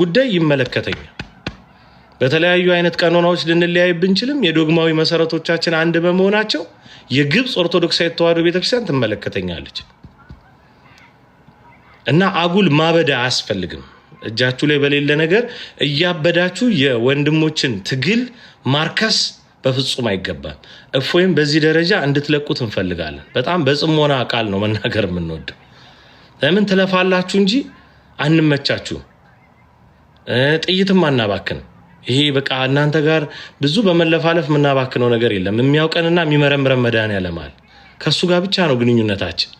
ጉዳይ ይመለከተኛል። በተለያዩ አይነት ቀኖናዎች ልንለያይ ብንችልም የዶግማዊ መሰረቶቻችን አንድ በመሆናቸው የግብፅ ኦርቶዶክሳዊት ተዋሕዶ ቤተክርስቲያን ትመለከተኛለች እና አጉል ማበድ አያስፈልግም። እጃችሁ ላይ በሌለ ነገር እያበዳችሁ የወንድሞችን ትግል ማርከስ በፍጹም አይገባም። እፎይም በዚህ ደረጃ እንድትለቁት እንፈልጋለን። በጣም በጽሞና ቃል ነው መናገር የምንወደው። ለምን ትለፋላችሁ እንጂ አንመቻችሁም። ጥይትም አናባክን። ይሄ በቃ እናንተ ጋር ብዙ በመለፋለፍ የምናባክነው ነገር የለም። የሚያውቀንና የሚመረምረን መድኃኒዓለም አለ። ከእሱ ጋር ብቻ ነው ግንኙነታችን።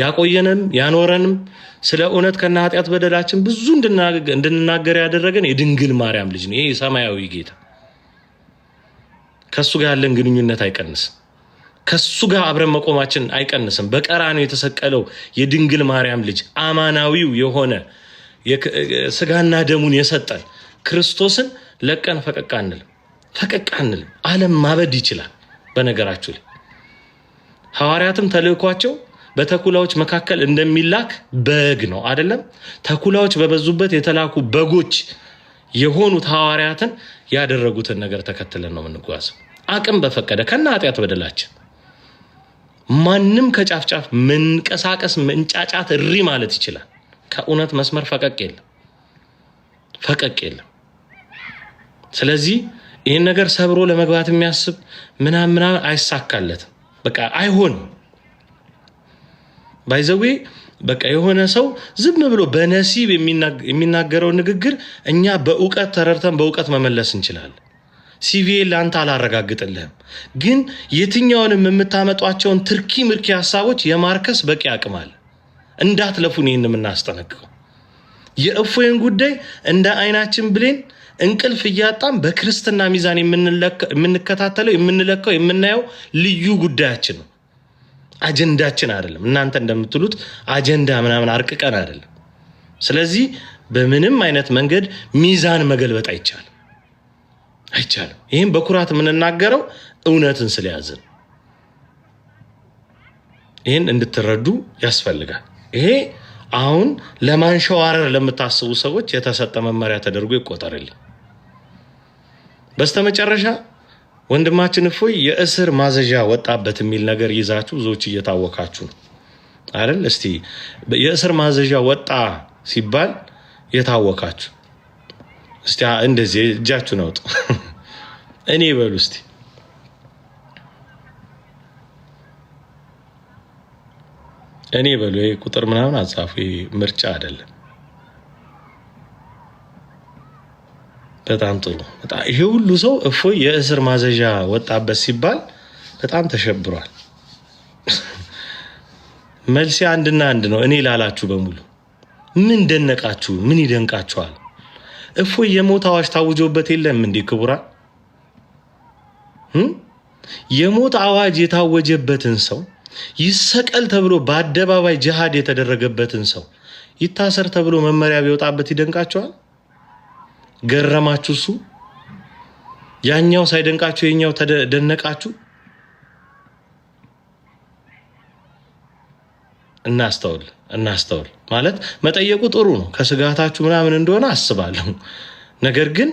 ያቆየንም ያኖረንም ስለ እውነት ከና ኃጢአት በደላችን ብዙ እንድንናገር ያደረገን የድንግል ማርያም ልጅ ነው። ይሄ የሰማያዊ ጌታ ከእሱ ጋር ያለን ግንኙነት አይቀንስም። ከሱ ጋር አብረን መቆማችን አይቀንስም። በቀራንዮ የተሰቀለው የድንግል ማርያም ልጅ አማናዊው የሆነ ስጋና ደሙን የሰጠን ክርስቶስን ለቀን ፈቀቅ አንልም፣ ፈቀቅ አንልም። ዓለም ማበድ ይችላል። በነገራችሁ ላይ ሐዋርያትም ተልእኳቸው በተኩላዎች መካከል እንደሚላክ በግ ነው አይደለም። ተኩላዎች በበዙበት የተላኩ በጎች የሆኑት ሐዋርያትን ያደረጉትን ነገር ተከትለን ነው የምንጓዘው። አቅም በፈቀደ ከና ኃጢአት በደላችን ማንም ከጫፍ ጫፍ መንቀሳቀስ፣ መንጫጫት፣ እሪ ማለት ይችላል። ከእውነት መስመር ፈቀቅ የለም ፈቀቅ የለም። ስለዚህ ይህን ነገር ሰብሮ ለመግባት የሚያስብ ምናምን ምናምን አይሳካለትም። በቃ አይሆንም። ባይዘዌ በቃ የሆነ ሰው ዝም ብሎ በነሲብ የሚናገረው ንግግር እኛ በእውቀት ተረድተን በእውቀት መመለስ እንችላለን። ሲቪኤ ለአንተ አላረጋግጥልህም፣ ግን የትኛውንም የምታመጧቸውን ትርኪ ምርኪ ሀሳቦች የማርከስ በቂ አቅም አለ። እንዳትለፉን ይህን የምናስጠነቅቀው የእፎይን ጉዳይ እንደ አይናችን ብሌን እንቅልፍ እያጣም በክርስትና ሚዛን የምንከታተለው የምንለካው የምናየው ልዩ ጉዳያችን ነው። አጀንዳችን አይደለም። እናንተ እንደምትሉት አጀንዳ ምናምን አርቅቀን አይደለም። ስለዚህ በምንም አይነት መንገድ ሚዛን መገልበጥ አይቻልም፣ አይቻልም። ይህም በኩራት የምንናገረው እውነትን ስለያዝን ይህን እንድትረዱ ያስፈልጋል። ይሄ አሁን ለማንሸዋረር ለምታስቡ ሰዎች የተሰጠ መመሪያ ተደርጎ ይቆጠርልን። በስተመጨረሻ ወንድማችን እፎይ የእስር ማዘዣ ወጣበት የሚል ነገር ይዛችሁ ብዙዎች እየታወካችሁ ነው አይደል? እስቲ የእስር ማዘዣ ወጣ ሲባል የታወካችሁ እስቲ እንደዚህ እጃችሁን አውጡ፣ እኔ በሉ እስቲ እኔ በሉ ቁጥር ምናምን አጻፉ ምርጫ አይደለም። በጣም ጥሩ። በጣም ይሄ ሁሉ ሰው እፎይ የእስር ማዘዣ ወጣበት ሲባል በጣም ተሸብሯል። መልሴ አንድና አንድ ነው። እኔ ላላችሁ በሙሉ ምን ደነቃችሁ? ምን ይደንቃችኋል? እፎይ የሞት አዋጅ ታውጆበት የለም እንዴ? ክቡራን የሞት አዋጅ የታወጀበትን ሰው ይሰቀል ተብሎ በአደባባይ ጅሃድ የተደረገበትን ሰው ይታሰር ተብሎ መመሪያ ቢወጣበት ይደንቃቸዋል? ገረማችሁ? እሱ ያኛው ሳይደንቃችሁ የኛው ተደነቃችሁ። እናስተውል እናስተውል። ማለት መጠየቁ ጥሩ ነው፣ ከስጋታችሁ ምናምን እንደሆነ አስባለሁ። ነገር ግን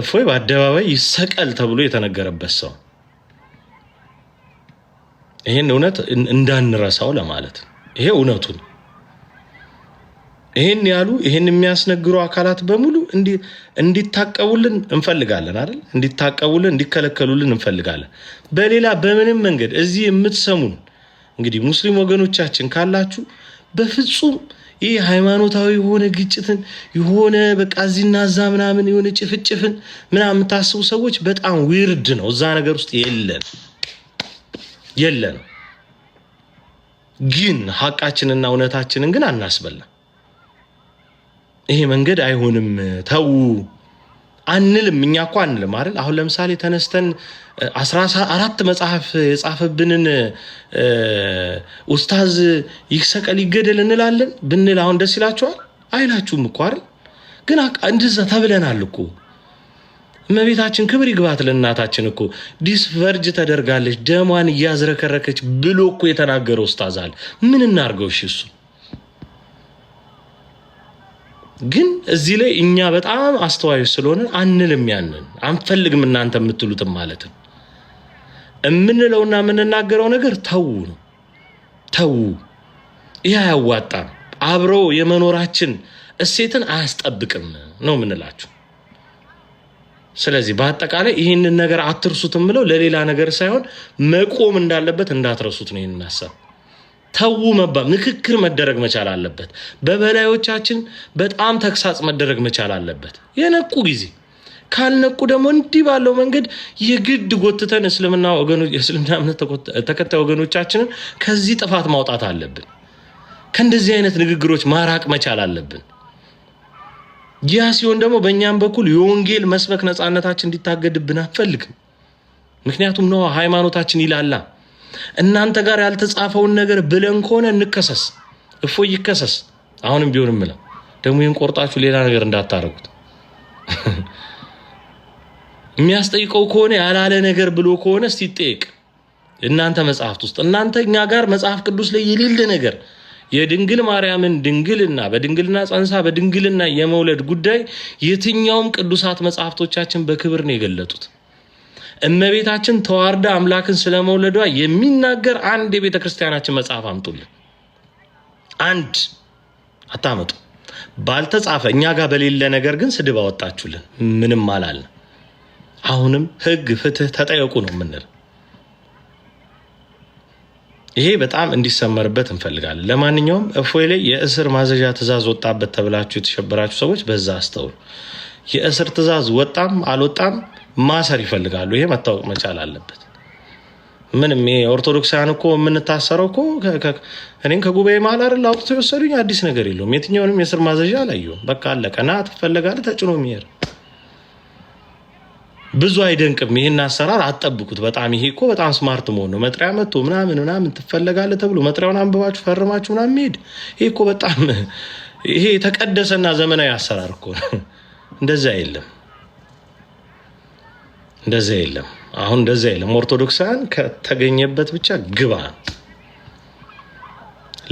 እፎይ በአደባባይ ይሰቀል ተብሎ የተነገረበት ሰው ይህን እውነት እንዳንረሳው ለማለት ይሄ እውነቱን ይህን ያሉ ይህን የሚያስነግሩ አካላት በሙሉ እንዲታቀቡልን እንፈልጋለን አይደል? እንዲታቀቡልን እንዲከለከሉልን እንፈልጋለን። በሌላ በምንም መንገድ እዚህ የምትሰሙን እንግዲህ ሙስሊም ወገኖቻችን ካላችሁ በፍጹም ይህ ሃይማኖታዊ የሆነ ግጭትን የሆነ በቃ እዚህና እዛ ምናምን የሆነ ጭፍጭፍን ምናምን የምታስቡ ሰዎች በጣም ዊርድ ነው። እዛ ነገር ውስጥ የለን የለንም። ግን ሀቃችንና እውነታችንን ግን አናስበላም። ይሄ መንገድ አይሆንም ተዉ አንልም። እኛ እኮ አንልም አይደል? አሁን ለምሳሌ ተነስተን አስራ አራት መጽሐፍ የጻፈብንን ኡስታዝ ይሰቀል ይገደል እንላለን ብንል አሁን ደስ ይላችኋል? አይላችሁም እኮ አይደል? ግን እንደዛ ተብለናል እኮ እመቤታችን ክብር ይግባት ለእናታችን እኮ ዲስቨርጅ ተደርጋለች፣ ደሟን እያዝረከረከች ብሎ እኮ የተናገረው ኡስታዝ አለ። ምን እናርገው? እሺ እሱ ግን እዚህ ላይ እኛ በጣም አስተዋዮች ስለሆነ አንልም፣ ያንን አንፈልግም፣ እናንተ የምትሉትም ነው የምንለውና የምንናገረው ነገር ተዉ ነው። ተዉ፣ ይህ አያዋጣም፣ አብሮ የመኖራችን እሴትን አያስጠብቅም ነው የምንላችሁ። ስለዚህ በአጠቃላይ ይህንን ነገር አትርሱት ምለው ለሌላ ነገር ሳይሆን መቆም እንዳለበት እንዳትረሱት ነው። ይህንን ሀሳብ ተዉ መባ ምክክር መደረግ መቻል አለበት። በበላዮቻችን በጣም ተግሳጽ መደረግ መቻል አለበት። የነቁ ጊዜ ካልነቁ ደግሞ እንዲህ ባለው መንገድ የግድ ጎትተን እስልምና የእስልምና እምነት ተከታይ ወገኖቻችንን ከዚህ ጥፋት ማውጣት አለብን። ከእንደዚህ አይነት ንግግሮች ማራቅ መቻል አለብን። ያ ሲሆን ደግሞ በእኛም በኩል የወንጌል መስበክ ነፃነታችን እንዲታገድብን አንፈልግም። ምክንያቱም ነው ሃይማኖታችን ይላላ። እናንተ ጋር ያልተጻፈውን ነገር ብለን ከሆነ እንከሰስ፣ እፎ ይከሰስ። አሁንም ቢሆን ምላ ደግሞ ይህን ቆርጣችሁ ሌላ ነገር እንዳታደርጉት የሚያስጠይቀው ከሆነ ያላለ ነገር ብሎ ከሆነ እስቲ ይጠየቅ። እናንተ መጽሐፍት ውስጥ እናንተ እኛ ጋር መጽሐፍ ቅዱስ ላይ የሌለ ነገር የድንግል ማርያምን ድንግልና በድንግልና ጸንሳ በድንግልና የመውለድ ጉዳይ የትኛውም ቅዱሳት መጽሐፍቶቻችን በክብር ነው የገለጡት። እመቤታችን ተዋርዳ አምላክን ስለመውለዷ የሚናገር አንድ የቤተ ክርስቲያናችን መጽሐፍ አምጡልን። አንድ አታመጡ። ባልተጻፈ እኛ ጋር በሌለ ነገር ግን ስድብ አወጣችሁልን። ምንም አላልን። አሁንም ህግ ፍትህ ተጠየቁ ነው የምንል። ይሄ በጣም እንዲሰመርበት እንፈልጋለን። ለማንኛውም እፎይ ላይ የእስር ማዘዣ ትእዛዝ ወጣበት ተብላችሁ የተሸበራችሁ ሰዎች በዛ አስተውሉ። የእስር ትእዛዝ ወጣም አልወጣም ማሰር ይፈልጋሉ። ይሄ መታወቅ መቻል አለበት። ምንም ኦርቶዶክሳውያን እኮ የምንታሰረው እኮ እኔም ከጉባኤ መሀል አይደል አውጥቶ የወሰዱኝ አዲስ ነገር የለውም። የትኛውንም የእስር ማዘዣ አላየሁም። በቃ አለቀ። ና ትፈለጋለህ ተጭኖ የሚሄድ ብዙ አይደንቅም። ይህን አሰራር አትጠብቁት። በጣም ይሄ እኮ በጣም ስማርት መሆን ነው። መጥሪያ መጥቶ ምናምን ምናምን ትፈለጋለ ተብሎ መጥሪያውን አንብባችሁ ፈርማችሁ ምናምን መሄድ ይሄ እኮ በጣም ይሄ የተቀደሰና ዘመናዊ አሰራር እኮ ነው። እንደዚያ የለም፣ እንደዚያ የለም። አሁን እንደዚያ የለም። ኦርቶዶክሳን ከተገኘበት ብቻ ግባ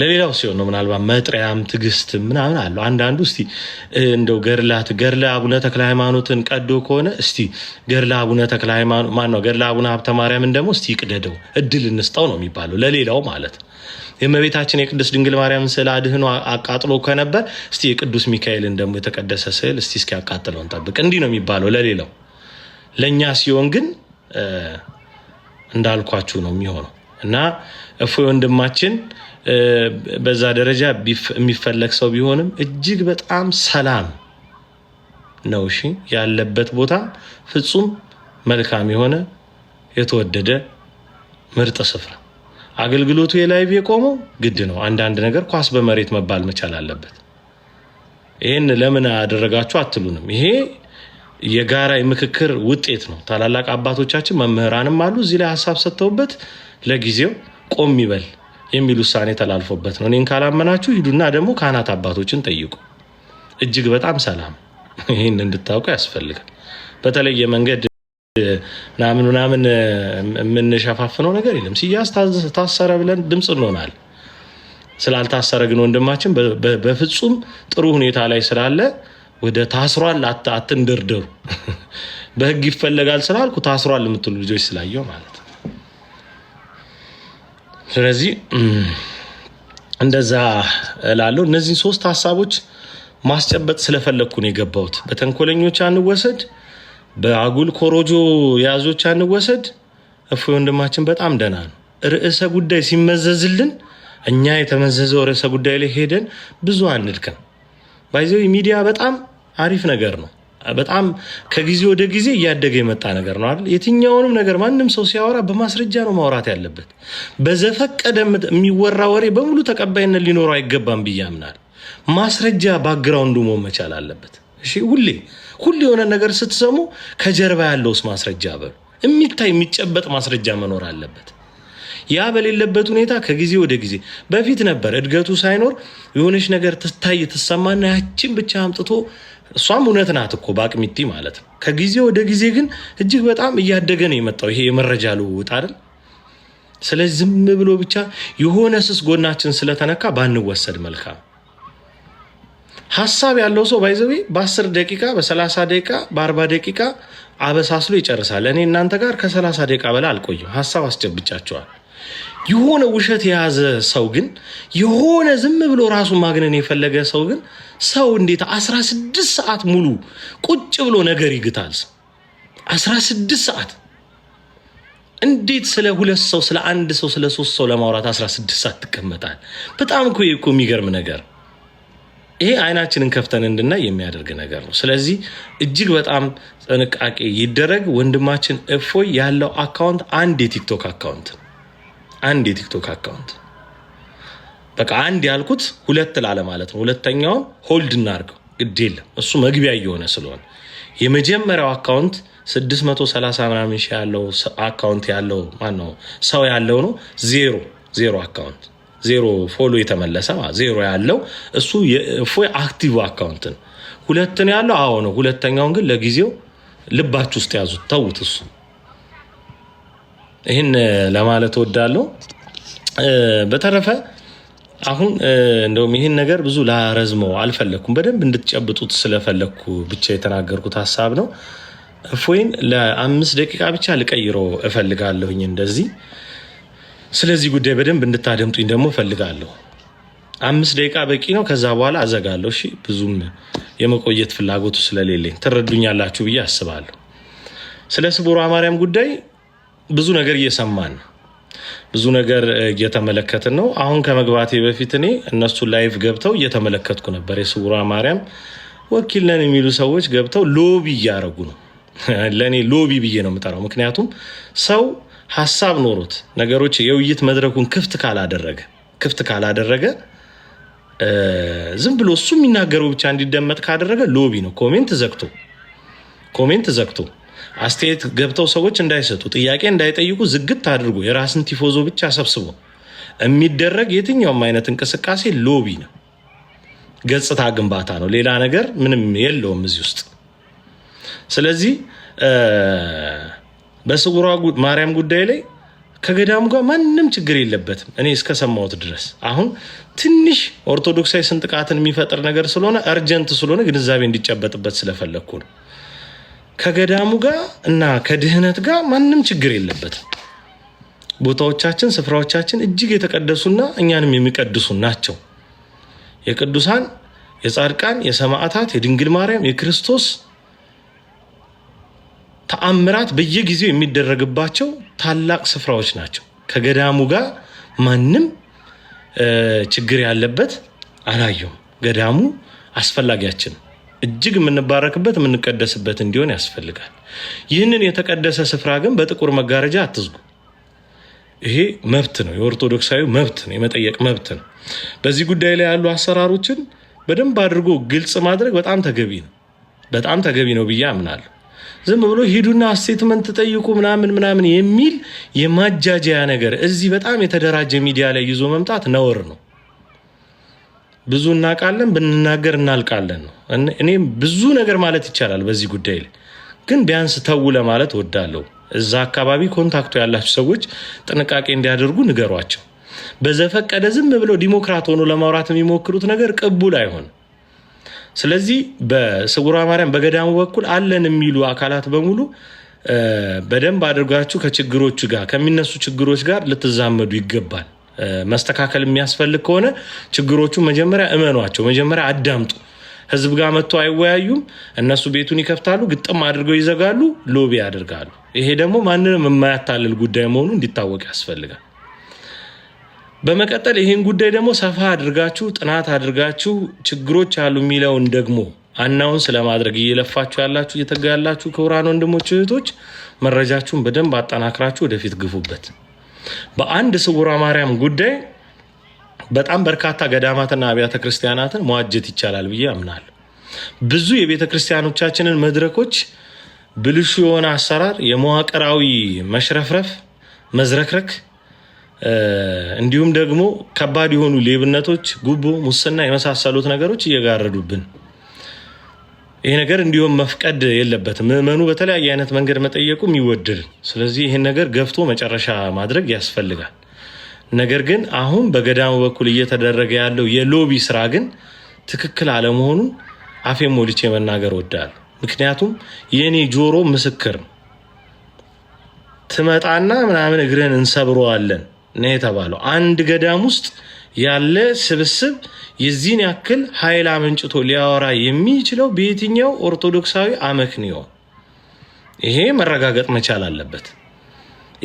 ለሌላው ሲሆን ነው ምናልባት መጥሪያም ትግስት ምናምን አለው። አንዳንዱ እስቲ እንደው ገድላት ገድለ አቡነ ተክለ ሃይማኖትን ቀዶ ከሆነ እስቲ ገድለ አቡነ ተክለ ሃይማኖት ነው ገድለ አቡነ ሀብተ ማርያምን ደግሞ እስቲ ይቅደደው እድል እንስጠው ነው የሚባለው ለሌላው ማለት ነው። የእመቤታችን የቅድስት ድንግል ማርያምን ስዕል አድህኖ አቃጥሎ ከነበር እስቲ የቅዱስ ሚካኤልን ደግሞ የተቀደሰ ስዕል እስቲ እስኪ ያቃጥለው እንጠብቅ። እንዲህ ነው የሚባለው ለሌላው። ለእኛ ሲሆን ግን እንዳልኳችሁ ነው የሚሆነው። እና እፎይ ወንድማችን በዛ ደረጃ የሚፈለግ ሰው ቢሆንም እጅግ በጣም ሰላም ነው። እሺ ያለበት ቦታ ፍጹም መልካም የሆነ የተወደደ ምርጥ ስፍራ አገልግሎቱ የላይቭ የቆመው ግድ ነው። አንዳንድ ነገር ኳስ በመሬት መባል መቻል አለበት። ይህን ለምን አደረጋችሁ አትሉንም? ይሄ የጋራ የምክክር ውጤት ነው። ታላላቅ አባቶቻችን መምህራንም አሉ እዚህ ላይ ሀሳብ ሰጥተውበት ለጊዜው ቆም ይበል የሚል ውሳኔ ተላልፎበት ነው። እኔን ካላመናችሁ ሂዱና ደግሞ ካህናት አባቶችን ጠይቁ። እጅግ በጣም ሰላም፣ ይህን እንድታውቁ ያስፈልጋል። በተለየ መንገድ ምናምን ምናምን የምንሸፋፍነው ነገር የለም። ሲያዝ ታሰረ ብለን ድምፅ እንሆናል። ስላልታሰረ ግን ወንድማችን በፍጹም ጥሩ ሁኔታ ላይ ስላለ ወደ ታስሯል አትንደርደሩ። በህግ ይፈለጋል ስላልኩ ታስሯል የምትሉ ልጆች ስላየው ማለት ስለዚህ እንደዛ ላለው እነዚህን ሶስት ሀሳቦች ማስጨበጥ ስለፈለግኩ ነው የገባሁት። በተንኮለኞች አንወሰድ፣ በአጉል ኮሮጆ የያዞች አንወሰድ። እፎይ ወንድማችን በጣም ደህና ነው። ርዕሰ ጉዳይ ሲመዘዝልን እኛ የተመዘዘው ርዕሰ ጉዳይ ላይ ሄደን ብዙ አንድከም ባይዘው። ሚዲያ በጣም አሪፍ ነገር ነው። በጣም ከጊዜ ወደ ጊዜ እያደገ የመጣ ነገር ነው አይደል? የትኛውንም ነገር ማንም ሰው ሲያወራ በማስረጃ ነው ማውራት ያለበት። በዘፈቀደ የሚወራ ወሬ በሙሉ ተቀባይነት ሊኖረው አይገባም ብዬ አምናለሁ። ማስረጃ ባግራውንዱ መሆን መቻል አለበት። እሺ፣ ሁሌ ሁሌ የሆነ ነገር ስትሰሙ ከጀርባ ያለውስ ማስረጃ በሉ። የሚታይ የሚጨበጥ ማስረጃ መኖር አለበት። ያ በሌለበት ሁኔታ ከጊዜ ወደ ጊዜ በፊት ነበር እድገቱ ሳይኖር የሆነች ነገር ትታይ ትሰማና ያችን ብቻ አምጥቶ እሷም እውነት ናት እኮ በአቅሚቲ ማለት ነው። ከጊዜ ወደ ጊዜ ግን እጅግ በጣም እያደገ ነው የመጣው ይሄ የመረጃ ልውውጥ አይደል? ስለዚህ ዝም ብሎ ብቻ የሆነ ስስ ጎናችን ስለተነካ ባንወሰድ መልካም። ሀሳብ ያለው ሰው ባይዘዊ በ10 ደቂቃ በ30 ደቂቃ በ40 ደቂቃ አበሳስሎ ይጨርሳል። እኔ እናንተ ጋር ከ30 ደቂቃ በላይ አልቆይም። ሀሳብ አስጨብጫቸዋል። የሆነ ውሸት የያዘ ሰው ግን የሆነ ዝም ብሎ ራሱ ማግነን የፈለገ ሰው ግን ሰው እንዴት 16 ሰዓት ሙሉ ቁጭ ብሎ ነገር ይግታል? 16 ሰዓት እንዴት ስለ ሁለት ሰው ስለ አንድ ሰው ስለ ሶስት ሰው ለማውራት 16 ሰዓት ትቀመጣል? በጣም እኮ እኮ የሚገርም ነገር ይሄ አይናችንን ከፍተን እንድናይ የሚያደርግ ነገር ነው። ስለዚህ እጅግ በጣም ጥንቃቄ ይደረግ። ወንድማችን እፎይ ያለው አካውንት አንድ የቲክቶክ አካውንት ነው። አንድ የቲክቶክ አካውንት በቃ አንድ ያልኩት ሁለት ላለ ማለት ነው። ሁለተኛውን ሆልድ እናርገው ግድ የለም እሱ መግቢያ እየሆነ ስለሆነ የመጀመሪያው አካውንት 630 ምናምን ሺህ ያለው አካውንት ያለው ማነው ሰው ያለው ነው። ዜሮ ዜሮ አካውንት ዜሮ ፎሎ የተመለሰ ዜሮ ያለው እሱ ፎ አክቲቭ አካውንት ነው። ሁለትን ያለው አዎ ነው። ሁለተኛውን ግን ለጊዜው ልባችሁ ውስጥ ያዙት፣ ተዉት እሱ ይህን ለማለት ወዳለሁ በተረፈ አሁን እንደውም ይህን ነገር ብዙ ላረዝመው አልፈለግኩም። በደንብ እንድትጨብጡት ስለፈለግኩ ብቻ የተናገርኩት ሀሳብ ነው። እፎይን ለአምስት ደቂቃ ብቻ ልቀይሮ እፈልጋለሁኝ። እንደዚህ ስለዚህ ጉዳይ በደንብ እንድታደምጡኝ ደግሞ እፈልጋለሁ። አምስት ደቂቃ በቂ ነው። ከዛ በኋላ አዘጋለሁ። እሺ፣ ብዙም የመቆየት ፍላጎቱ ስለሌለኝ ትረዱኛላችሁ ብዬ አስባለሁ። ስለ ስቡሯ ማርያም ጉዳይ ብዙ ነገር እየሰማን ብዙ ነገር እየተመለከትን ነው። አሁን ከመግባቴ በፊት እኔ እነሱ ላይቭ ገብተው እየተመለከትኩ ነበር። የስውሯ ማርያም ወኪል ነን የሚሉ ሰዎች ገብተው ሎቢ እያደረጉ ነው። ለእኔ ሎቢ ብዬ ነው የምጠራው። ምክንያቱም ሰው ሀሳብ ኖሮት ነገሮች የውይይት መድረኩን ክፍት ካላደረገ ክፍት ካላደረገ ዝም ብሎ እሱ የሚናገረው ብቻ እንዲደመጥ ካደረገ ሎቢ ነው። ኮሜንት ዘግቶ ኮሜንት ዘግቶ አስተያየት ገብተው ሰዎች እንዳይሰጡ ጥያቄ እንዳይጠይቁ ዝግት አድርጎ የራስን ቲፎዞ ብቻ ሰብስቦ የሚደረግ የትኛውም አይነት እንቅስቃሴ ሎቢ ነው፣ ገጽታ ግንባታ ነው። ሌላ ነገር ምንም የለውም እዚህ ውስጥ። ስለዚህ በስውሯ ማርያም ጉዳይ ላይ ከገዳሙ ጋር ማንም ችግር የለበትም እኔ እስከሰማሁት ድረስ። አሁን ትንሽ ኦርቶዶክሳዊ ስንጥቃትን የሚፈጥር ነገር ስለሆነ እርጀንት ስለሆነ ግንዛቤ እንዲጨበጥበት ስለፈለግኩ ነው። ከገዳሙ ጋር እና ከድህነት ጋር ማንም ችግር የለበትም። ቦታዎቻችን፣ ስፍራዎቻችን እጅግ የተቀደሱና እኛንም የሚቀድሱ ናቸው። የቅዱሳን የጻድቃን፣ የሰማዕታት፣ የድንግል ማርያም፣ የክርስቶስ ተአምራት በየጊዜው የሚደረግባቸው ታላቅ ስፍራዎች ናቸው። ከገዳሙ ጋር ማንም ችግር ያለበት አላየሁም። ገዳሙ አስፈላጊያችን እጅግ የምንባረክበት የምንቀደስበት እንዲሆን ያስፈልጋል። ይህንን የተቀደሰ ስፍራ ግን በጥቁር መጋረጃ አትዝጉ። ይሄ መብት ነው፣ የኦርቶዶክሳዊ መብት ነው፣ የመጠየቅ መብት ነው። በዚህ ጉዳይ ላይ ያሉ አሰራሮችን በደንብ አድርጎ ግልጽ ማድረግ በጣም ተገቢ ነው፣ በጣም ተገቢ ነው ብዬ አምናለሁ። ዝም ብሎ ሂዱና አሴትመንት ጠይቁ ምናምን ምናምን የሚል የማጃጃያ ነገር እዚህ በጣም የተደራጀ ሚዲያ ላይ ይዞ መምጣት ነውር ነው። ብዙ እናውቃለን፣ ብንናገር እናልቃለን ነው። እኔም ብዙ ነገር ማለት ይቻላል በዚህ ጉዳይ ላይ ግን ቢያንስ ተው ለማለት ወዳለሁ። እዛ አካባቢ ኮንታክቱ ያላቸው ሰዎች ጥንቃቄ እንዲያደርጉ ንገሯቸው። በዘፈቀደ ዝም ብለው ዲሞክራት ሆኖ ለማውራት የሚሞክሩት ነገር ቅቡል አይሆን። ስለዚህ በስውሯ ማርያም በገዳሙ በኩል አለን የሚሉ አካላት በሙሉ በደንብ አድርጋችሁ ከችግሮቹ ጋር ከሚነሱ ችግሮች ጋር ልትዛመዱ ይገባል። መስተካከል የሚያስፈልግ ከሆነ ችግሮቹ መጀመሪያ እመኗቸው፣ መጀመሪያ አዳምጡ። ህዝብ ጋር መጥቶ አይወያዩም። እነሱ ቤቱን ይከፍታሉ፣ ግጥም አድርገው ይዘጋሉ፣ ሎቢ ያደርጋሉ። ይሄ ደግሞ ማንንም የማያታልል ጉዳይ መሆኑ እንዲታወቅ ያስፈልጋል። በመቀጠል ይህን ጉዳይ ደግሞ ሰፋ አድርጋችሁ ጥናት አድርጋችሁ ችግሮች አሉ የሚለውን ደግሞ አናውን ስለማድረግ እየለፋችሁ ያላችሁ እየተጋ ያላችሁ ክቡራን ወንድሞች እህቶች፣ መረጃችሁን በደንብ አጠናክራችሁ ወደፊት ግፉበት። በአንድ ስውሯ ማርያም ጉዳይ በጣም በርካታ ገዳማትና አብያተ ክርስቲያናትን መዋጀት ይቻላል ብዬ አምናለሁ። ብዙ የቤተ ክርስቲያኖቻችንን መድረኮች ብልሹ የሆነ አሰራር፣ የመዋቅራዊ መሽረፍረፍ፣ መዝረክረክ እንዲሁም ደግሞ ከባድ የሆኑ ሌብነቶች፣ ጉቦ፣ ሙስና የመሳሰሉት ነገሮች እየጋረዱብን ይሄ ነገር እንዲሁም መፍቀድ የለበትም። ምዕመኑ በተለያየ አይነት መንገድ መጠየቁ የሚወድድ ስለዚህ ይህን ነገር ገፍቶ መጨረሻ ማድረግ ያስፈልጋል። ነገር ግን አሁን በገዳሙ በኩል እየተደረገ ያለው የሎቢ ስራ ግን ትክክል አለመሆኑን አፌ ሞልቼ መናገር ወዳል። ምክንያቱም የእኔ ጆሮ ምስክር ትመጣና ምናምን እግርህን እንሰብረዋለን ነው የተባለው አንድ ገዳም ውስጥ ያለ ስብስብ የዚህን ያክል ኃይል አመንጭቶ ሊያወራ የሚችለው በየትኛው ኦርቶዶክሳዊ አመክንዮ? ይሄ መረጋገጥ መቻል አለበት።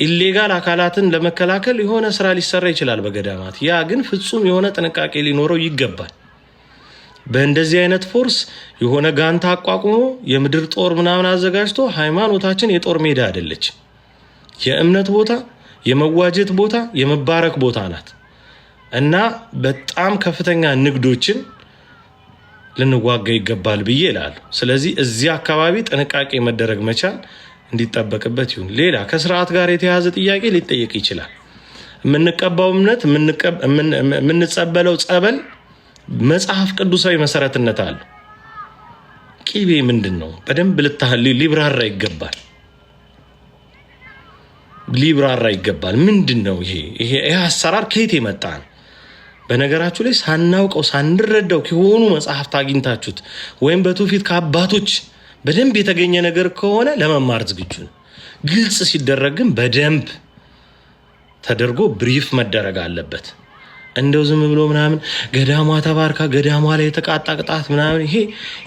ኢሌጋል አካላትን ለመከላከል የሆነ ስራ ሊሰራ ይችላል በገዳማት። ያ ግን ፍጹም የሆነ ጥንቃቄ ሊኖረው ይገባል። በእንደዚህ አይነት ፎርስ የሆነ ጋንታ አቋቁሞ የምድር ጦር ምናምን አዘጋጅቶ ሃይማኖታችን የጦር ሜዳ አይደለች። የእምነት ቦታ፣ የመዋጀት ቦታ፣ የመባረክ ቦታ ናት። እና በጣም ከፍተኛ ንግዶችን ልንዋጋ ይገባል ብዬ ይላሉ። ስለዚህ እዚህ አካባቢ ጥንቃቄ መደረግ መቻል እንዲጠበቅበት ይሁን። ሌላ ከስርዓት ጋር የተያያዘ ጥያቄ ሊጠየቅ ይችላል። የምንቀባው እምነት የምንጸበለው ጸበል መጽሐፍ ቅዱሳዊ መሰረትነት አለው። ቂቤ ምንድን ነው? በደንብ ልታህል ሊብራራ ይገባል ሊብራራ ይገባል። ምንድን ነው ይሄ ይሄ አሰራር ከየት የመጣ ነው? በነገራችሁ ላይ ሳናውቀው ሳንረዳው ከሆኑ መጽሐፍት አግኝታችሁት ወይም በትውፊት ከአባቶች በደንብ የተገኘ ነገር ከሆነ ለመማር ዝግጁ ነው። ግልጽ ሲደረግ ግን በደንብ ተደርጎ ብሪፍ መደረግ አለበት። እንደው ዝም ብሎ ምናምን ገዳሟ ተባርካ ገዳሟ ላይ የተቃጣ ቅጣት ምናምን ይሄ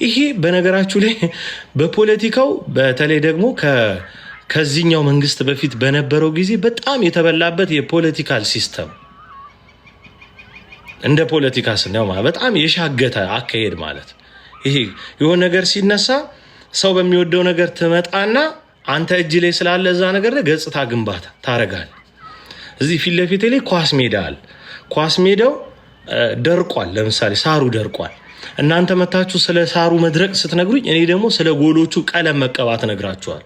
ይሄ በነገራችሁ ላይ በፖለቲካው በተለይ ደግሞ ከዚህኛው መንግስት በፊት በነበረው ጊዜ በጣም የተበላበት የፖለቲካል ሲስተም እንደ ፖለቲካ ስናየው በጣም የሻገተ አካሄድ ማለት ይሄ የሆነ ነገር ሲነሳ ሰው በሚወደው ነገር ትመጣና አንተ እጅ ላይ ስላለ እዛ ነገር ላይ ገጽታ ግንባታ ታረጋል። እዚህ ፊት ለፊት ላይ ኳስ ሜዳ አለ። ኳስ ሜዳው ደርቋል። ለምሳሌ ሳሩ ደርቋል። እናንተ መታችሁ ስለ ሳሩ መድረቅ ስትነግሩኝ፣ እኔ ደግሞ ስለ ጎሎቹ ቀለም መቀባት ነግራችኋል።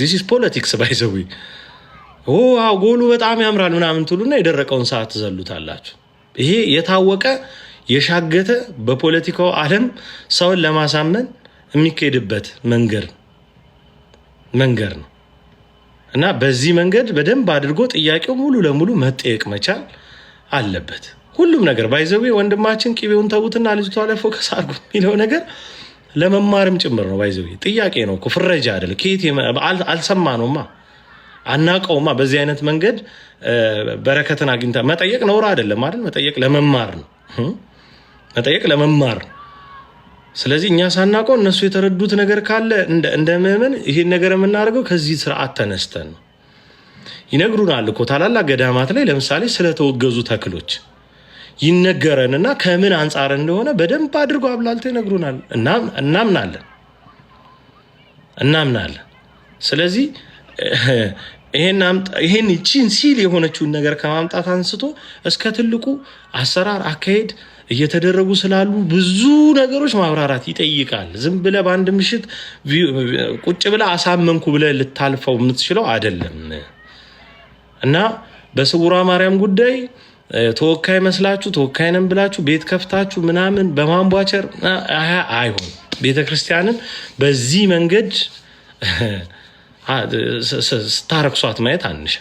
ዚስ ኢዝ ፖለቲክስ ባይዘዊ ጎሉ በጣም ያምራል ምናምን ትሉና የደረቀውን ሰዓት ትዘሉታላችሁ። ይሄ የታወቀ የሻገተ በፖለቲካው ዓለም ሰውን ለማሳመን የሚካሄድበት መንገድ መንገድ ነው እና በዚህ መንገድ በደንብ አድርጎ ጥያቄው ሙሉ ለሙሉ መጠየቅ መቻል አለበት። ሁሉም ነገር ባይዘዌ ወንድማችን ቂቤውን ተዉትና ልጅቷ ላይ ፎከስ አድርጉ የሚለው ነገር ለመማርም ጭምር ነው። ባይዘዌ ጥያቄ ነው፣ ፍረጃ አይደለም። ከየት አልሰማ ነውማ አናቀውማ። በዚህ አይነት መንገድ በረከትን አግኝታ መጠየቅ ነውር አይደለም አይደል? መጠየቅ ለመማር ነው። መጠየቅ ለመማር ስለዚህ እኛ ሳናቀው እነሱ የተረዱት ነገር ካለ እንደ ምዕመን ይህን ነገር የምናደርገው ከዚህ ስርዓት ተነስተን ነው። ይነግሩናል እኮ ታላላቅ ገዳማት ላይ ለምሳሌ ስለተወገዙ ተክሎች ይነገረንና ከምን አንጻር እንደሆነ በደንብ አድርጎ አብላልተው ይነግሩናል። እናምናለን እናምናለን። ስለዚህ ይሄን ይቺን ሲል የሆነችውን ነገር ከማምጣት አንስቶ እስከ ትልቁ አሰራር አካሄድ እየተደረጉ ስላሉ ብዙ ነገሮች ማብራራት ይጠይቃል። ዝም ብለ በአንድ ምሽት ቁጭ ብለ አሳመንኩ ብለ ልታልፈው የምትችለው አይደለም እና በስውሯ ማርያም ጉዳይ ተወካይ መስላችሁ ተወካይ ነን ብላችሁ ቤት ከፍታችሁ ምናምን በማንቧቸር አይሆን ቤተክርስቲያንን በዚህ መንገድ ስታረክሷት ማየት አንሽ።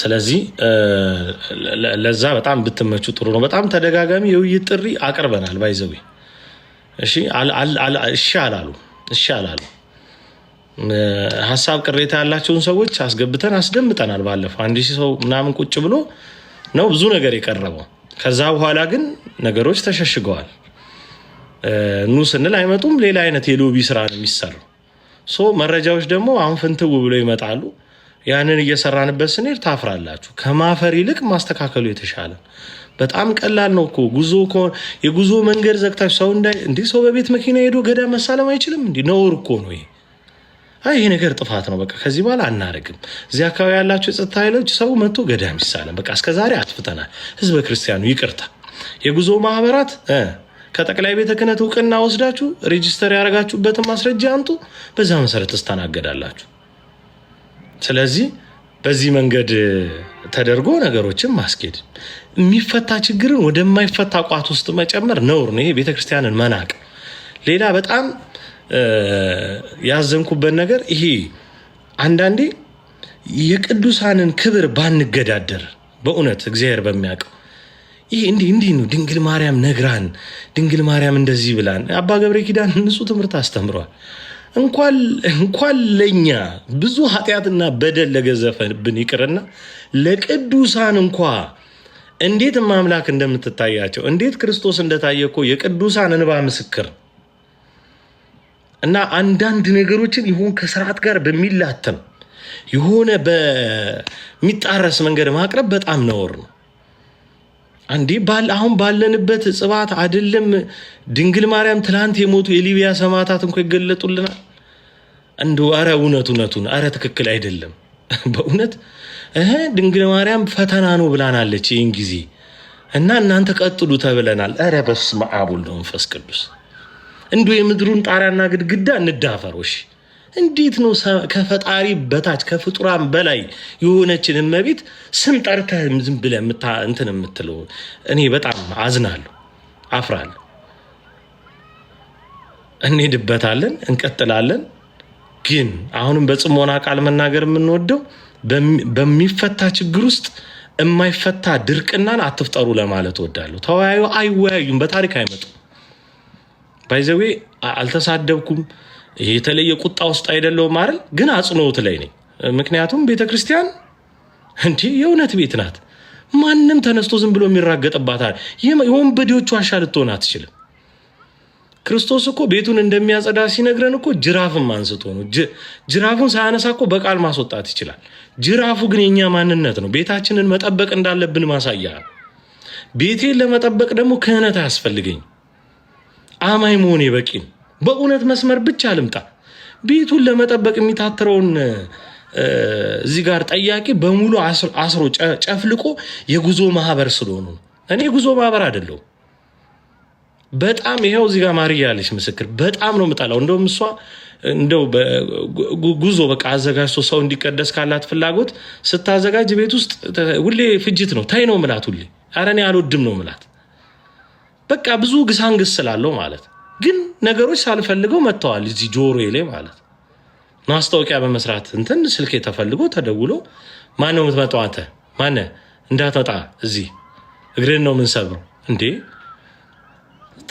ስለዚህ ለዛ በጣም ብትመቹ ጥሩ ነው። በጣም ተደጋጋሚ የውይይት ጥሪ አቅርበናል። ባይዘዊ እሺ አላሉ እሺ አላሉ። ሀሳብ ቅሬታ ያላቸውን ሰዎች አስገብተን አስደምጠናል። ባለፈው አንድ ሺህ ሰው ምናምን ቁጭ ብሎ ነው ብዙ ነገር የቀረበው። ከዛ በኋላ ግን ነገሮች ተሸሽገዋል። ኑ ስንል አይመጡም። ሌላ አይነት የሎቢ ስራ ነው የሚሰራው። ሶ መረጃዎች ደግሞ አሁን ፍንትው ብሎ ይመጣሉ። ያንን እየሰራንበት ስንሄድ ታፍራላችሁ። ከማፈር ይልቅ ማስተካከሉ የተሻለ በጣም ቀላል ነው እኮ ጉዞ የጉዞ መንገድ ዘግታችሁ ሰው እንዳይ እንዲ ሰው በቤት መኪና ሄዶ ገዳም መሳለም አይችልም። እንዲ ነውር እኮ ነው ይሄ። አይ ይሄ ነገር ጥፋት ነው። በቃ ከዚህ በኋላ አናረግም። እዚህ አካባቢ ያላቸው የጸጥታ ኃይሎች ሰው መጥቶ ገዳም ይሳለም። በቃ እስከዛሬ አጥፍተናል። ህዝበ ክርስቲያኑ ይቅርታ። የጉዞ ማህበራት ከጠቅላይ ቤተ ክህነት እውቅና ወስዳችሁ ሬጅስተር ያደረጋችሁበትን ማስረጃ አንጡ። በዛ መሰረት ትስተናገዳላችሁ። ስለዚህ በዚህ መንገድ ተደርጎ ነገሮችን ማስኬድ የሚፈታ ችግርን ወደማይፈታ ቋት ውስጥ መጨመር ነውር ነው። ይሄ ቤተክርስቲያንን መናቅ። ሌላ በጣም ያዘንኩበት ነገር ይሄ አንዳንዴ የቅዱሳንን ክብር ባንገዳደር በእውነት እግዚአብሔር በሚያውቀው ይህ እንዲህ እንዲህ ነው። ድንግል ማርያም ነግራን፣ ድንግል ማርያም እንደዚህ ብላን። አባ ገብረ ኪዳን ንጹህ ትምህርት አስተምሯል። እንኳን ለእኛ ብዙ ኃጢአትና በደል ለገዘፈብን ይቅርና ለቅዱሳን እንኳ እንዴት ማምላክ እንደምትታያቸው እንዴት ክርስቶስ እንደታየ እኮ የቅዱሳን እንባ ምስክር እና አንዳንድ ነገሮችን ይሁን ከስርዓት ጋር በሚላተም የሆነ በሚጣረስ መንገድ ማቅረብ በጣም ነውር ነው። አንዴ አሁን ባለንበት ጽባት አይደለም። ድንግል ማርያም ትላንት የሞቱ የሊቢያ ሰማዕታት እንኳ ይገለጡልናል። እንዱ አረ እውነት እውነቱን አረ ትክክል አይደለም። በእውነት እህ ድንግል ማርያም ፈተና ነው ብላናለች ይህን ጊዜ እና እናንተ ቀጥሉ ተብለናል። ረ በስመ አብ ወወልድ ወመንፈስ ቅዱስ እንዱ የምድሩን ጣሪያና ግድግዳ እንዳፈሮሽ እንዴት ነው ከፈጣሪ በታች ከፍጡራን በላይ የሆነችን እመቤት ስም ጠርተህ ዝም ብለህ እንትን የምትለው? እኔ በጣም አዝናለሁ፣ አፍራለሁ። እንሄድበታለን፣ እንቀጥላለን። ግን አሁንም በጽሞና ቃል መናገር የምንወደው በሚፈታ ችግር ውስጥ የማይፈታ ድርቅናን አትፍጠሩ ለማለት እወዳለሁ። ተወያዩ አይወያዩም፣ በታሪክ አይመጡም። ባይዘዌ አልተሳደብኩም የተለየ ቁጣ ውስጥ አይደለውም አይደል? ግን አጽንኦት ላይ ነኝ። ምክንያቱም ቤተ ክርስቲያን እንዲህ የእውነት ቤት ናት። ማንም ተነስቶ ዝም ብሎ የሚራገጥባታል። የወንበዴዎቹ ዋሻ ልትሆን አትችልም። ክርስቶስ እኮ ቤቱን እንደሚያጸዳ ሲነግረን እኮ ጅራፍም አንስቶ ነው። ጅራፉን ሳያነሳ እኮ በቃል ማስወጣት ይችላል። ጅራፉ ግን የኛ ማንነት ነው። ቤታችንን መጠበቅ እንዳለብን ማሳያ ቤቴን ለመጠበቅ ደግሞ ክህነት አያስፈልገኝ። አማኝ መሆኔ በቂ ነው። በእውነት መስመር ብቻ ልምጣ። ቤቱን ለመጠበቅ የሚታትረውን እዚህ ጋር ጠያቂ በሙሉ አስሮ ጨፍልቆ የጉዞ ማህበር ስለሆኑ እኔ የጉዞ ማህበር አይደለሁም። በጣም ይኸው እዚህ ጋር ማርያ ያለች ምስክር በጣም ነው የምጣለው። እንደውም እሷ እንደው ጉዞ በቃ አዘጋጅቶ ሰው እንዲቀደስ ካላት ፍላጎት ስታዘጋጅ ቤት ውስጥ ሁሌ ፍጅት ነው። ታይ ነው ምላት ሁሌ ኧረ እኔ አልወድም ነው ምላት። በቃ ብዙ ግሳንግስ ስላለው ማለት ግን ነገሮች ሳልፈልገው መጥተዋል እዚህ ጆሮ ላይ ማለት ነው። ማስታወቂያ በመስራት እንትን ስልክ ተፈልጎ ተደውሎ ማነው የምትመጣው አንተ እንዳተጣ እንዳትመጣ እዚህ እግሬን ነው የምንሰብረው እንዴ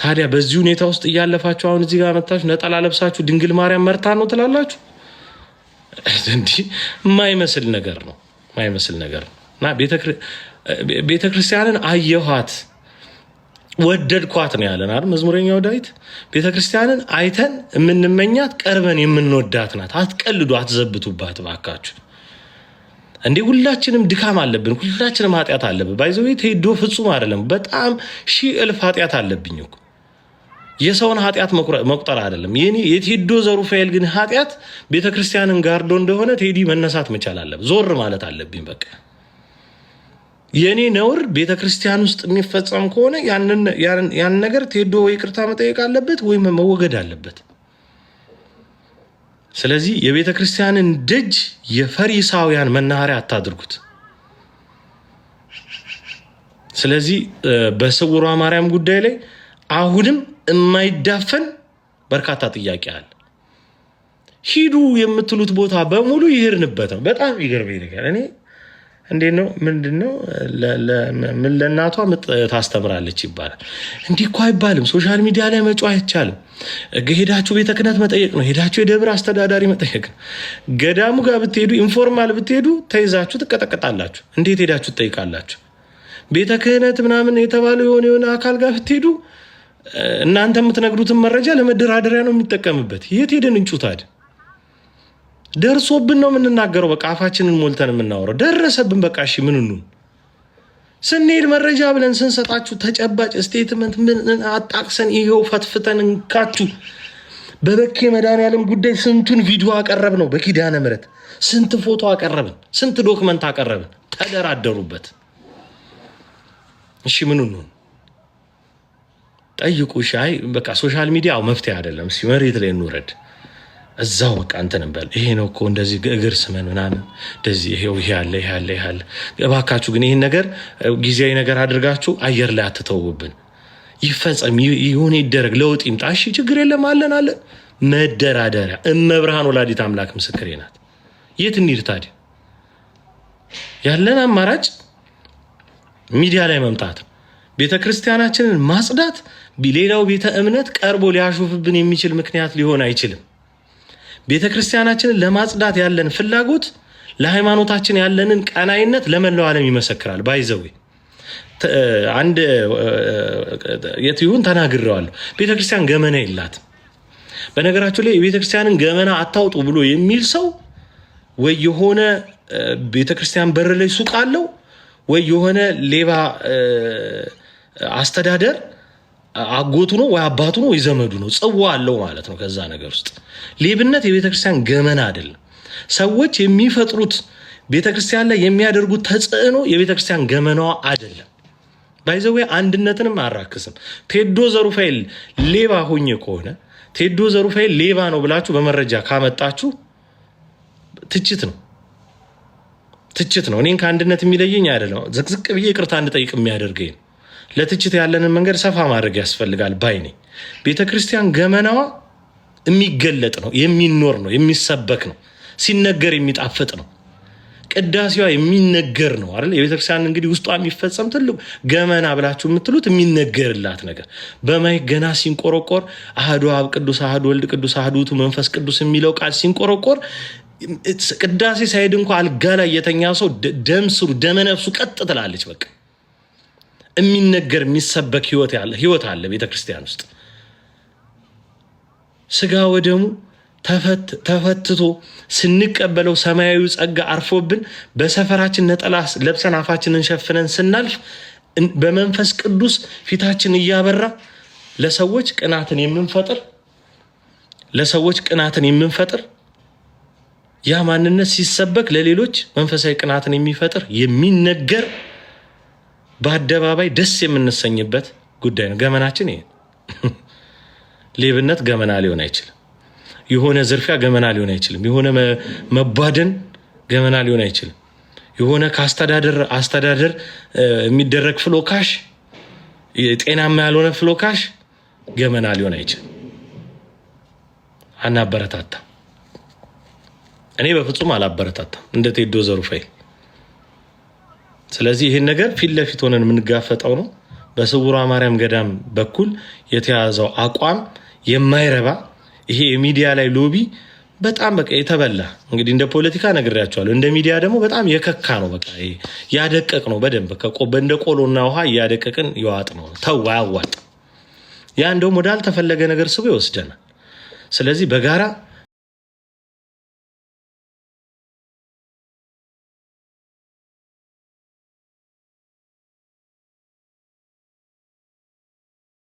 ታዲያ በዚህ ሁኔታ ውስጥ እያለፋችሁ አሁን እዚህ ጋር መታችሁ ነጠላ ለብሳችሁ ድንግል ማርያም መርታ ነው ትላላችሁ። እንዲህ የማይመስል ነገር ነው የማይመስል ነገር ነው እና ቤተክርስቲያንን አየኋት ወደድኳት ነው ያለን አይደል? መዝሙረኛው ዳዊት ቤተ ክርስቲያንን አይተን የምንመኛት ቀርበን የምንወዳት ናት። አትቀልዱ፣ አትዘብቱባት ባካችሁ። እንዴ ሁላችንም ድካም አለብን፣ ሁላችንም ኃጢአት አለብን። ባይዘ ሄዶ ፍጹም አይደለም። በጣም ሺህ እልፍ ኃጢአት አለብኝ እኮ የሰውን ኃጢአት መቁጠር አይደለም የቴዶ ዘሩፋኤል ግን ኃጢአት ቤተ ክርስቲያንን ጋርዶ እንደሆነ ቴዲ መነሳት መቻል አለብ፣ ዞር ማለት አለብኝ በቃ የእኔ ነውር ቤተ ክርስቲያን ውስጥ የሚፈጸም ከሆነ ያን ነገር ቴዶ ይቅርታ መጠየቅ አለበት ወይም መወገድ አለበት። ስለዚህ የቤተ ክርስቲያንን ደጅ የፈሪሳውያን መናኸሪያ አታድርጉት። ስለዚህ በስውሯ ማርያም ጉዳይ ላይ አሁንም የማይዳፈን በርካታ ጥያቄ አለ። ሂዱ የምትሉት ቦታ በሙሉ ይሄድንበት ነው። በጣም ይገርመኝ ነገር እኔ እንዴት ነው ምንድን ነው ለእናቷ ታስተምራለች ይባላል። እንዲህ እኮ አይባልም። ሶሻል ሚዲያ ላይ መጮ አይቻልም። ሄዳችሁ ቤተ ክህነት መጠየቅ ነው። ሄዳችሁ የደብር አስተዳዳሪ መጠየቅ ነው። ገዳሙ ጋር ብትሄዱ፣ ኢንፎርማል ብትሄዱ ተይዛችሁ ትቀጠቀጣላችሁ። እንዴት ሄዳችሁ ትጠይቃላችሁ? ቤተ ክህነት ምናምን የተባለው የሆነ የሆነ አካል ጋር ብትሄዱ እናንተ የምትነግሩትን መረጃ ለመደራደሪያ ነው የሚጠቀምበት። የት ሄደን እንጩታድ ደርሶብን ነው የምንናገረው። በቃ አፋችንን ሞልተን የምናወረው ደረሰብን። በቃ እሺ ምን ኑን ስንሄድ መረጃ ብለን ስንሰጣችሁ ተጨባጭ ስቴትመንት ምን አጣቅሰን ይሄው ፈትፍተን እንካችሁ። በበኬ መድኃኒዓለም ጉዳይ ስንቱን ቪዲዮ አቀረብ ነው። በኪዳነ ምሕረት ስንት ፎቶ አቀረብን፣ ስንት ዶክመንት አቀረብን። ተደራደሩበት። እሺ ምን ኑን ጠይቁ። ሻይ በቃ ሶሻል ሚዲያ መፍትሄ አይደለም። መሬት ላይ እንውረድ። እዛው በቃ እንትን እንበል። ይሄ ነው እኮ እንደዚህ እግር ስመን ምናምን እንደዚህ ይሄው ይሄ አለ ይሄ አለ ይሄ አለ። እባካችሁ ግን ይህን ነገር ጊዜያዊ ነገር አድርጋችሁ አየር ላይ አትተውብን። ይፈጸም ይሁን ይደረግ፣ ለውጥ ይምጣ። እሺ ችግር የለም አለን አለ መደራደሪያ። እመብርሃን ወላዲት አምላክ ምስክሬ ናት። የት እንሂድ ታዲያ? ያለን አማራጭ ሚዲያ ላይ መምጣት፣ ቤተ ክርስቲያናችንን ማጽዳት፣ ሌላው ቤተ እምነት ቀርቦ ሊያሾፍብን የሚችል ምክንያት ሊሆን አይችልም። ቤተ ክርስቲያናችንን ለማጽዳት ያለን ፍላጎት ለሃይማኖታችን ያለንን ቀናይነት ለመላው ዓለም ይመሰክራል። ባይዘዌ አንድ የትሁን ተናግረዋለሁ። ቤተ ክርስቲያን ገመና የላትም። በነገራችሁ ላይ የቤተ ክርስቲያንን ገመና አታውጡ ብሎ የሚል ሰው ወይ የሆነ ቤተ ክርስቲያን በር ላይ ሱቅ አለው ወይ የሆነ ሌባ አስተዳደር አጎቱ ነው ወይ አባቱ ነው ወይ ዘመዱ ነው፣ ጽዋ አለው ማለት ነው ከዛ ነገር ውስጥ። ሌብነት የቤተክርስቲያን ገመና አይደለም። ሰዎች የሚፈጥሩት ቤተክርስቲያን ላይ የሚያደርጉት ተጽዕኖ የቤተክርስቲያን ገመናዋ አይደለም። ባይዘዌ አንድነትንም አራክስም። ቴዶ ዘሩፋኤል ሌባ ሆኜ ከሆነ ቴዶ ዘሩፋኤል ሌባ ነው ብላችሁ በመረጃ ካመጣችሁ ትችት ነው ትችት ነው። እኔን ከአንድነት የሚለየኝ አይደለም። ዝቅዝቅ ብዬ ይቅርታ እንድጠይቅ የሚያደርገኝ ለትችት ያለንን መንገድ ሰፋ ማድረግ ያስፈልጋል ባይ ነኝ። ቤተ ክርስቲያን ገመናዋ የሚገለጥ ነው፣ የሚኖር ነው፣ የሚሰበክ ነው፣ ሲነገር የሚጣፍጥ ነው። ቅዳሴዋ የሚነገር ነው አይደል? የቤተክርስቲያን እንግዲህ ውስጧ የሚፈጸም ትልቅ ገመና ብላችሁ የምትሉት የሚነገርላት ነገር በማይክ ገና ሲንቆረቆር አህዶ አብ ቅዱስ፣ አህዶ ወልድ ቅዱስ፣ አህዶ ውእቱ መንፈስ ቅዱስ የሚለው ቃል ሲንቆረቆር ቅዳሴ ሳይሄድ እንኳ አልጋ ላይ የተኛ ሰው ደም ስሩ ደመነፍሱ ቀጥ ትላለች በቃ የሚነገር የሚሰበክ ህይወት አለ ቤተ ክርስቲያን ውስጥ። ስጋ ወደሙ ተፈትቶ ስንቀበለው ሰማያዊ ጸጋ አርፎብን በሰፈራችን ነጠላ ለብሰን አፋችንን ሸፍነን ስናልፍ በመንፈስ ቅዱስ ፊታችን እያበራ ለሰዎች ቅናትን የምንፈጥር ለሰዎች ቅናትን የምንፈጥር ያ ማንነት ሲሰበክ ለሌሎች መንፈሳዊ ቅናትን የሚፈጥር የሚነገር በአደባባይ ደስ የምንሰኝበት ጉዳይ ነው። ገመናችን ይሄ ሌብነት ገመና ሊሆን አይችልም። የሆነ ዝርፊያ ገመና ሊሆን አይችልም። የሆነ መባደን ገመና ሊሆን አይችልም። የሆነ ከአስተዳደር አስተዳደር የሚደረግ ፍሎካሽ ጤናማ ያልሆነ ፍሎካሽ ገመና ሊሆን አይችልም። አናበረታታም። እኔ በፍጹም አላበረታታም እንደ ቴዶ ዘሩፋይል ስለዚህ ይህን ነገር ፊት ለፊት ሆነን የምንጋፈጠው ነው። በስውሯ ማርያም ገዳም በኩል የተያዘው አቋም የማይረባ ይሄ የሚዲያ ላይ ሎቢ በጣም በቃ የተበላ እንግዲህ እንደ ፖለቲካ ነግሬያቸዋለሁ። እንደ ሚዲያ ደግሞ በጣም የከካ ነው። በቃ ያደቀቅ ነው። በደንብ እንደ ቆሎና ውሃ እያደቀቅን የዋጥ ነው። ተው አያዋጥ። ያ እንደውም ወዳልተፈለገ ነገር ስቦ ይወስደናል። ስለዚህ በጋራ